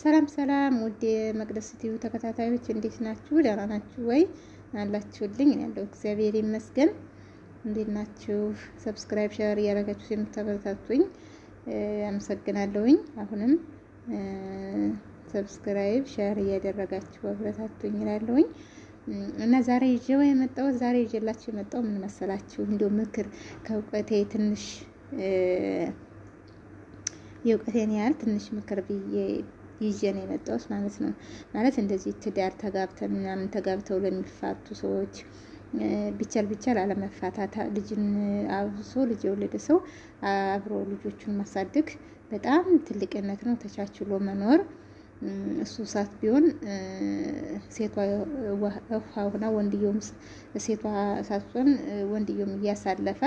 ሰላም ሰላም ውድ መቅደስ ቲቪ ተከታታዮች እንዴት ናችሁ? ደህና ናችሁ ወይ? አላችሁልኝ እኔ ያለው እግዚአብሔር ይመስገን። እንዴት ናችሁ? ሰብስክራይብ፣ ሸር እያደረጋችሁ የምታበረታቱኝ አመሰግናለሁኝ። አሁንም ሰብስክራይብ፣ ሸር እያደረጋችሁ አበረታቱኝ ይላለሁኝ እና ዛሬ ይዤው የመጣሁት ዛሬ ይዤላችሁ የመጣው ምን መሰላችሁ? እንዲሁ ምክር ከእውቀቴ ትንሽ የእውቀቴን ያህል ትንሽ ምክር ብዬ ይዤ ነው የመጣሁት ማለት ነው። ማለት እንደዚህ ትዳር ተጋብተን ምናምን ተጋብተው ለሚፋቱ ሰዎች ቢቻል ቢቻል አለመፋታት፣ ልጅን አብሶ ልጅ የወለደ ሰው አብሮ ልጆቹን ማሳደግ በጣም ትልቅነት ነው። ተቻችሎ መኖር እሱ ሳት ቢሆን ሴቷ ውሃ ሆና ወንድየውም ሴቷ ሳትሆን ወንድየውም እያሳለፈ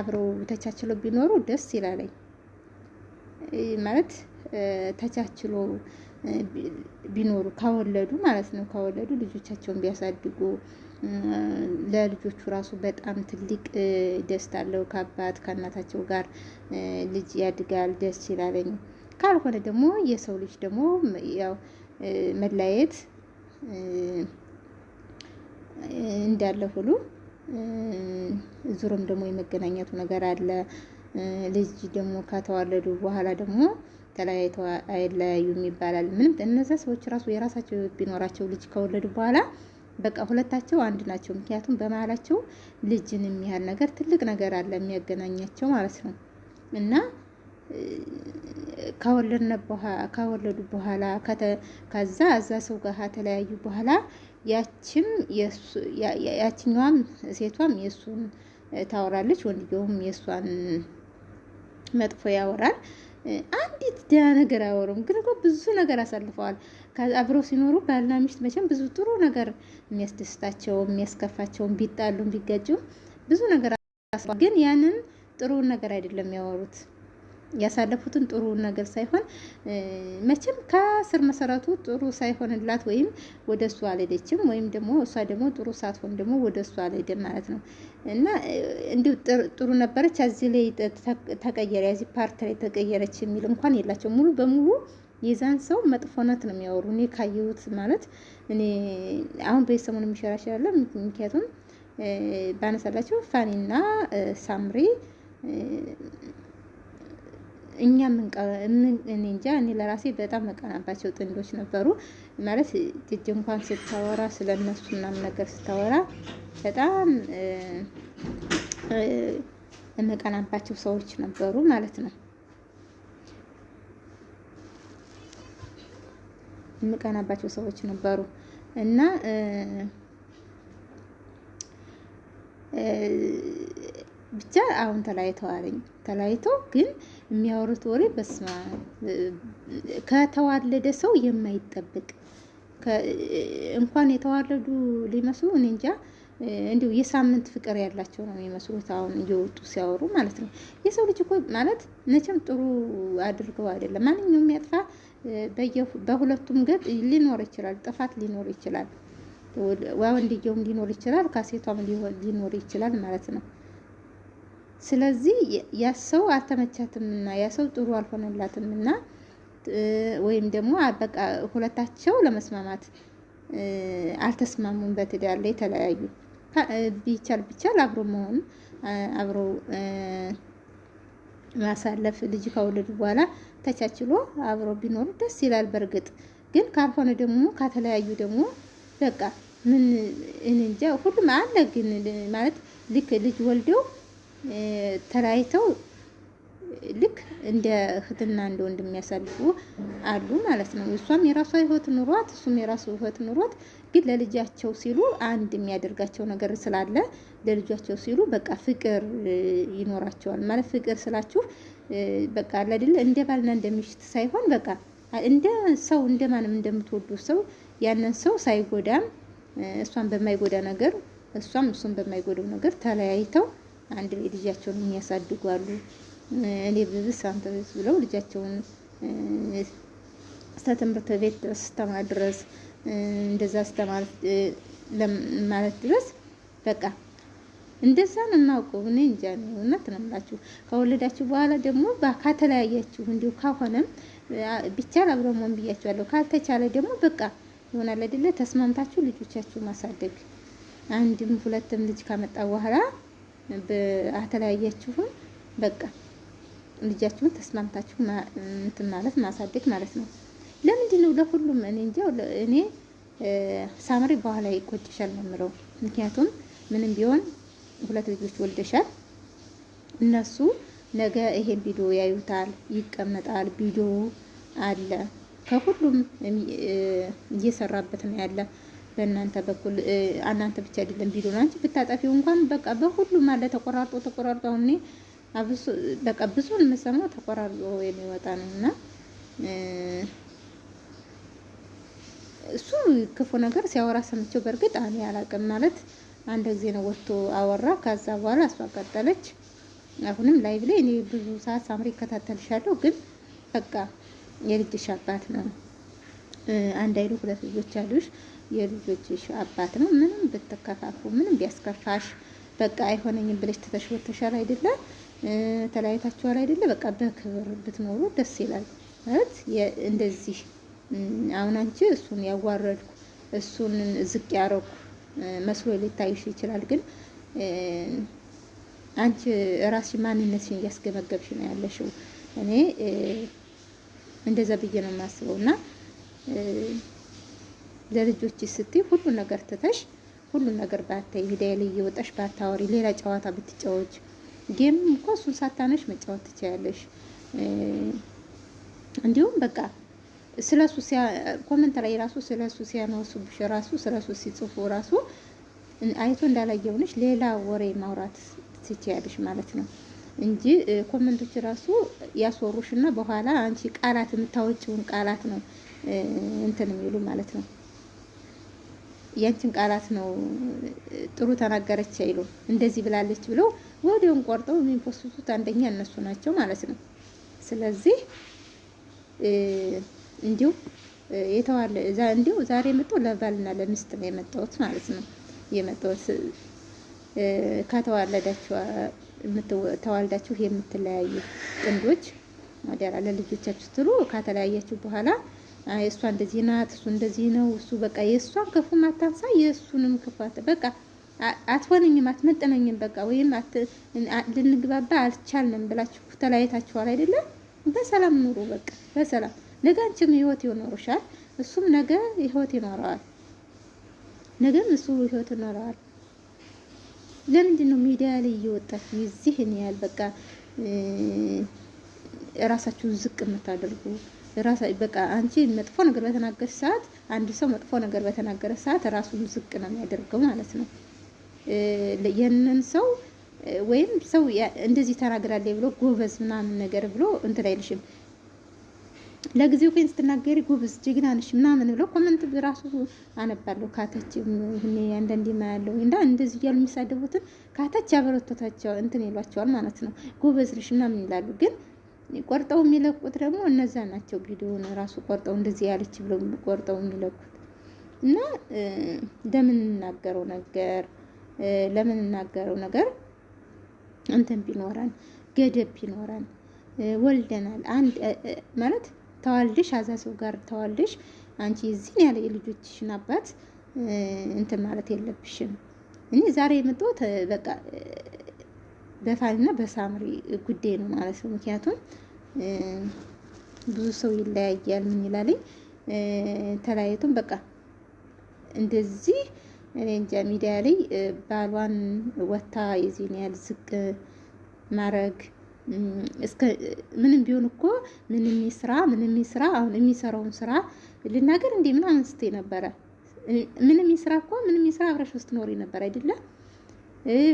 አብረው ተቻችለው ቢኖሩ ደስ ይላለኝ። ማለት ተቻችሎ ቢኖሩ ካወለዱ ማለት ነው። ካወለዱ ልጆቻቸውን ቢያሳድጉ ለልጆቹ ራሱ በጣም ትልቅ ደስታ አለው። ከአባት ከእናታቸው ጋር ልጅ ያድጋል፣ ደስ ይላለኝ። ካልሆነ ደግሞ የሰው ልጅ ደግሞ ያው መለያየት እንዳለ ሁሉ ዙሮም ደግሞ የመገናኘቱ ነገር አለ። ልጅ ደግሞ ከተወለዱ በኋላ ደግሞ ተለያይተው አይለያዩም ይባላል። ምንም እነዛ ሰዎች ራሱ የራሳቸው ህይወት ቢኖራቸው ልጅ ከወለዱ በኋላ በቃ ሁለታቸው አንድ ናቸው። ምክንያቱም በመሀላቸው ልጅን የሚያህል ነገር ትልቅ ነገር አለ የሚያገናኛቸው ማለት ነው እና ከወለዱ በኋላ ከዛ እዛ ሰው ጋር ተለያዩ በኋላ ያችም ያችኛዋም ሴቷም የእሱን ታወራለች፣ ወንድየውም የእሷን መጥፎ ያወራል። አንዲት ደህና ነገር አያወሩም። ግን እኮ ብዙ ነገር አሳልፈዋል። አብሮ ሲኖሩ ባልና ሚስት መቼም ብዙ ጥሩ ነገር የሚያስደስታቸውም የሚያስከፋቸውም፣ ቢጣሉም ቢጋጩም ብዙ ነገር ግን ያንን ጥሩ ነገር አይደለም ያወሩት። ያሳለፉትን ጥሩ ነገር ሳይሆን መቼም ከስር መሰረቱ ጥሩ ሳይሆንላት ወይም ወደ እሱ አልሄደችም፣ ወይም ደግሞ እሷ ደግሞ ጥሩ ሳትሆን ደግሞ ወደ እሱ አልሄደም ማለት ነው እና እንዲሁ ጥሩ ነበረች። እዚህ ላይ ተቀየረ፣ ያዚህ ፓርት ላይ ተቀየረች የሚል እንኳን የላቸው ሙሉ በሙሉ የዛን ሰው መጥፎነት ነው የሚያወሩ። እኔ ካየሁት ማለት እኔ አሁን በየሰሙን የሚሸራሸራለ ምክንያቱም ባነሳላቸው ፋኒና ሳምሪ እኛ እኔ እንጃ እኔ ለራሴ በጣም መቀናባቸው ጥንዶች ነበሩ። ማለት ጅጅ እንኳን ስታወራ ስለ እነሱ ምናምን ነገር ስታወራ በጣም መቀናባቸው ሰዎች ነበሩ ማለት ነው። የምቀናባቸው ሰዎች ነበሩ እና ብቻ አሁን ተለያይተዋለኝ። ተለያይቶ ግን የሚያወሩት ወሬ በስማ ከተዋለደ ሰው የማይጠብቅ እንኳን የተዋለዱ ሊመስሉ እኔ እንጃ እንዲሁ የሳምንት ፍቅር ያላቸው ነው የሚመስሉት። አሁን እየወጡ ሲያወሩ ማለት ነው። የሰው ልጅ እኮ ማለት መቼም ጥሩ አድርገው አይደለም። ማንኛውም ያጥፋ በሁለቱም ገጥ ሊኖር ይችላል፣ ጥፋት ሊኖር ይችላል። ወንድየውም ሊኖር ይችላል፣ ከሴቷም ሊኖር ይችላል ማለት ነው። ስለዚህ ያ ሰው አልተመቻትምና ያ ሰው ጥሩ አልሆነላትምና ወይም ደግሞ በቃ ሁለታቸው ለመስማማት አልተስማሙም። በትዳር ላይ የተለያዩ ቢቻል ቢቻል አብሮ መሆን አብሮ ማሳለፍ ልጅ ከወለዱ በኋላ ተቻችሎ አብሮ ቢኖሩ ደስ ይላል። በእርግጥ ግን ካልሆነ ደግሞ ከተለያዩ ደግሞ በቃ ምን እንጃ ሁሉም አለ ግን ማለት ልክ ልጅ ወልደው ተለያይተው ልክ እንደ እህትና እንደ ወንድም የሚያሳልፉ አሉ ማለት ነው። እሷም የራሷ ህይወት ኑሯት፣ እሱም የራሱ ህይወት ኑሯት፣ ግን ለልጃቸው ሲሉ አንድ የሚያደርጋቸው ነገር ስላለ ለልጃቸው ሲሉ በቃ ፍቅር ይኖራቸዋል ማለት ፍቅር ስላችሁ በቃ ለድል እንደ ባልና እንደ ሳይሆን በቃ እንደ ሰው እንደ ማንም እንደምትወዱ ሰው ያንን ሰው ሳይጎዳም እሷን በማይጎዳ ነገር እሷም እሱን በማይጎዳው ነገር ተለያይተው አንድ ላይ ልጃቸውን የሚያሳድጉ አሉ። እኔ ብብስ አንተ ብብስ ብለው ልጃቸውን እስከ ትምህርት ቤት ድረስ እስተማር ድረስ እንደዛ ስተማር ማለት ድረስ በቃ እንደዛ ነው እናውቀው። እኔ እንጃ ነው እውነት ነው የምላችሁ። ከወለዳችሁ በኋላ ደግሞ ከተለያያችሁ እንዲሁ ካሆነ ብቻ አብረን መሆን ብያችኋለሁ። ካልተቻለ ደግሞ በቃ ይሆናል አይደለ? ተስማምታችሁ ልጆቻችሁ ማሳደግ አንድም ሁለትም ልጅ ካመጣ በኋላ አተለያያችሁም በቃ ልጃችሁን ተስማምታችሁ እንትን ማለት ማሳደግ ማለት ነው። ለምንድን ነው ለሁሉም? እኔ እንጃ እኔ ሳምሪ በኋላ ይቆጭሻል ነው የምለው። ምክንያቱም ምንም ቢሆን ሁለት ልጆች ወልደሻል። እነሱ ነገ ይሄን ቪዲዮ ያዩታል፣ ይቀመጣል። ቪዲዮ አለ ከሁሉም እየሰራበት ነው ያለ በእናንተ በኩል እናንተ ብቻ አይደለም ቢሉን አንቺ ብታጠፊው እንኳን በቃ በሁሉም አለ ተቆራርጦ ተቆራርጦ አሁን አብሶ በቃ ብዙን የምሰማው ተቆራርጦ የሚወጣ ነው እና እሱ ክፉ ነገር ሲያወራ ሰምቼው፣ በእርግጥ እኔ አላውቅም ማለት አንድ ጊዜ ነው ወጥቶ አወራ። ከዛ በኋላ እሷ ቀጠለች። አሁንም ላይቭ ላይ እኔ ብዙ ሰዓት ሳምሪ ይከታተልሻለሁ፣ ግን በቃ የልጅሽ አባት ነው። አንድ አይሉ ሁለት ልጆች አሉሽ የልጆችሽ አባት ነው። ምንም ብትከፋፉ፣ ምንም ቢያስከፋሽ በቃ አይሆነኝም ብለሽ ትተሽ ወተሻል አይደለ? ተለያይታችኋል አይደለ? በቃ በክብር ብትኖሩ ደስ ይላል። ማለት እንደዚህ አሁን አንቺ እሱን ያዋረድኩ እሱን ዝቅ ያረኩ መስሎ ሊታይሽ ይችላል። ግን አንቺ ራስሽ ማንነትሽን እያስገመገብሽ ነው ያለሽው። እኔ እንደዛ ብዬ ነው የማስበው እና ለልጆች ስትይ ሁሉ ነገር ትተሽ ሁሉን ነገር ባታይ ላይ እየወጣሽ ባታወሪ ሌላ ጨዋታ ብትጫወች ጌም እንኳ እሱን ሳታነሽ መጫወት ትችያለሽ። እንዲሁም በቃ ስለሱ እሱ ኮመንት ላይ ራሱ ስለ እሱ ሲያነሱብሽ ራሱ ስለሱ ሲጽፉ ራሱ አይቶ እንዳላየው ነሽ ሌላ ወሬ ማውራት ትችያለሽ ማለት ነው እንጂ ኮመንቶች ራሱ ያስወሩሽ በኋላ አንቺ ቃላት የምታወጪውን ቃላት ነው እንትን የሚሉ ማለት ነው። ያንቺን ቃላት ነው ጥሩ ተናገረች አይሉ እንደዚህ ብላለች ብለው ወዲያውን ቆርጠው የሚፖስቱት አንደኛ እነሱ ናቸው ማለት ነው። ስለዚህ እንዲሁ የተዋለ እዛ እንዲሁ ዛሬ የመጣው ለባልና ለሚስት ነው የመጣሁት ማለት ነው የመጣሁት ከተዋለዳችሁ ተዋልዳችሁ የምትለያዩ ጥንዶች ወዲያ ለልጆቻችሁ ትሉ ከተለያያችሁ በኋላ እሷ እንደዚህ ናት፣ እሱ እንደዚህ ነው፣ እሱ በቃ የእሷን ክፉ ማታንሳ የእሱንም ክፋት በቃ አትሆነኝም፣ አትመጠነኝም፣ በቃ ወይም ልንግባባ አልቻልንም ብላችሁ ተለያይታችኋል አይደለም? በሰላም ኑሩ፣ በቃ በሰላም ነገ አንቺም ህይወት ይኖርሻል፣ እሱም ነገ ህይወት ይኖረዋል፣ ነገም እሱ ህይወት ይኖረዋል። ለምንድን ነው ሚዲያ ላይ እየወጣችሁ ይዚህን ያህል በቃ ራሳችሁን ዝቅ የምታደርጉ? ራስ በቃ አንቺ መጥፎ ነገር በተናገረ ሰዓት አንድ ሰው መጥፎ ነገር በተናገረ ሰዓት ራሱን ዝቅ ነው የሚያደርገው ማለት ነው። ይህንን ሰው ወይም ሰው እንደዚህ ተናግራለ ብሎ ጎበዝ ምናምን ነገር ብሎ እንትን አይልሽም። ለጊዜው ግን ስትናገሪ ጎበዝ ጀግና ነሽ ምናምን ብሎ ኮመንት ራሱ አነባለሁ። ካተች ይሄ አንዳንዴ ማያለው እንዳ እንደዚህ እያሉ የሚሳደቡትን ካተች አበረታታቸው እንትን ይሏቸዋል ማለት ነው። ጎበዝ ነሽ ምናምን ይላሉ ግን ቆርጠው የሚለቁት ደግሞ እነዛ ናቸው። ቪዲዮውን ራሱ ቆርጠው እንደዚህ ያለች ብለው ቆርጠው የሚለቁት እና ለምንናገረው ነገር ለምንናገረው ነገር እንትን ቢኖረን ገደብ ቢኖረን ወልደናል። አንድ ማለት ተዋልደሽ አዛ ሰው ጋር ተዋልደሽ አንቺ እዚህን ያለ የልጆችሽን አባት እንትን ማለት የለብሽም። እኔ ዛሬ የመጣሁት በቃ በፋኒና በሳምሪ ጉዳይ ነው ማለት ነው። ምክንያቱም ብዙ ሰው ይለያያል። ምን ይላልኝ ተለያየቱም በቃ እንደዚህ እኔ እንጃ ሚዲያ ላይ ባሏን ወታ የዚህን ያህል ዝቅ ማድረግ እስከ ምንም ቢሆን እኮ ምንም ስራ ምንም ስራ አሁን የሚሰራውን ስራ ልናገር እንዴ ምናምን ስትይ ነበረ። ምንም ስራ እኮ ምንም ስራ አብረሽ ስትኖሪ ነበር አይደለም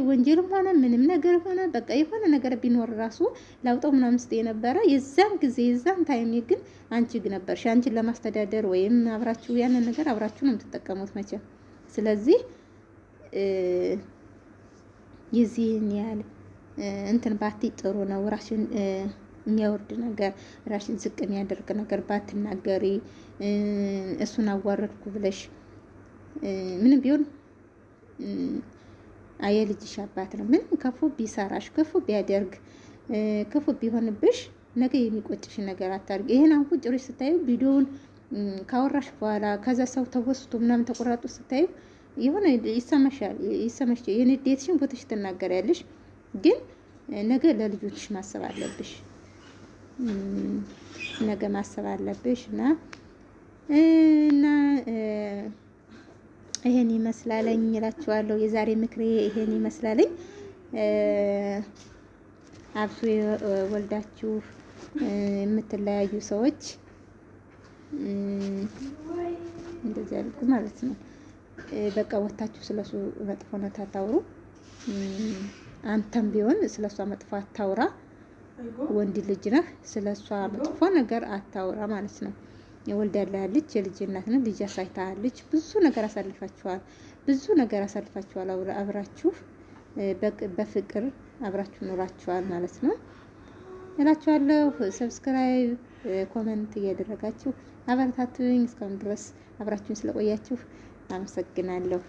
ወንጀልም ሆነ ምንም ነገር ሆነ በቃ የሆነ ነገር ቢኖር ራሱ ላውጣው ምናምን ስጥ የነበረ የዛን ጊዜ የዛን ታይም ግን አንቺ ግን ነበርሽ አንቺን ለማስተዳደር ወይም አብራችሁ ያንን ነገር አብራችሁ ነው የምትጠቀሙት መቼም። ስለዚህ የዚህን ያህል እንትን ባቲ ጥሩ ነው። ራሽን የሚያወርድ ነገር ራሽን ዝቅ የሚያደርግ ነገር ባትናገሪ። እሱን አዋረድኩ ብለሽ ምንም ቢሆን የልጅሽ አባት ነው። ምንም ክፉ ቢሰራሽ፣ ክፉ ቢያደርግ፣ ክፉ ቢሆንብሽ ነገ የሚቆጭሽ ነገር አታድርግ። ይህን አንኩ ጭሮች ስታዩ ቪዲዮውን ካወራሽ በኋላ ከዛ ሰው ተወስቶ ምናምን ተቆራጡ ስታዩ የሆነ ይሰማሻል። ይሰማሽ የንዴትሽን ቦታሽ ትናገሪያለሽ። ግን ነገ ለልጆችሽ ማሰብ አለብሽ፣ ነገ ማሰብ አለብሽ እና እና ይሄን ይመስላለኝ እላችኋለሁ። የዛሬ ምክሬ ይሄን ይመስላለኝ። አብሶ ወልዳችሁ የምትለያዩ ሰዎች እንደዚህ አድርጉ ማለት ነው። በቃ ወታችሁ ስለሱ መጥፎ መጥፎነት አታውሩ። አንተም ቢሆን ስለሷ መጥፎ አታውራ። ወንድ ልጅ ነህ፣ ስለሷ መጥፎ ነገር አታውራ ማለት ነው። ወልዳለች፣ የልጅ እናት ነው፣ ልጅ አሳይታለች። ብዙ ነገር አሳልፋችኋል፣ ብዙ ነገር አሳልፋችኋል። አብራችሁ በፍቅር አብራችሁ ኑራችኋል ማለት ነው እላችኋለሁ። ሰብስክራይብ፣ ኮመንት እያደረጋችሁ አበረታቱኝ። እስካሁን ድረስ አብራችሁን ስለቆያችሁ አመሰግናለሁ።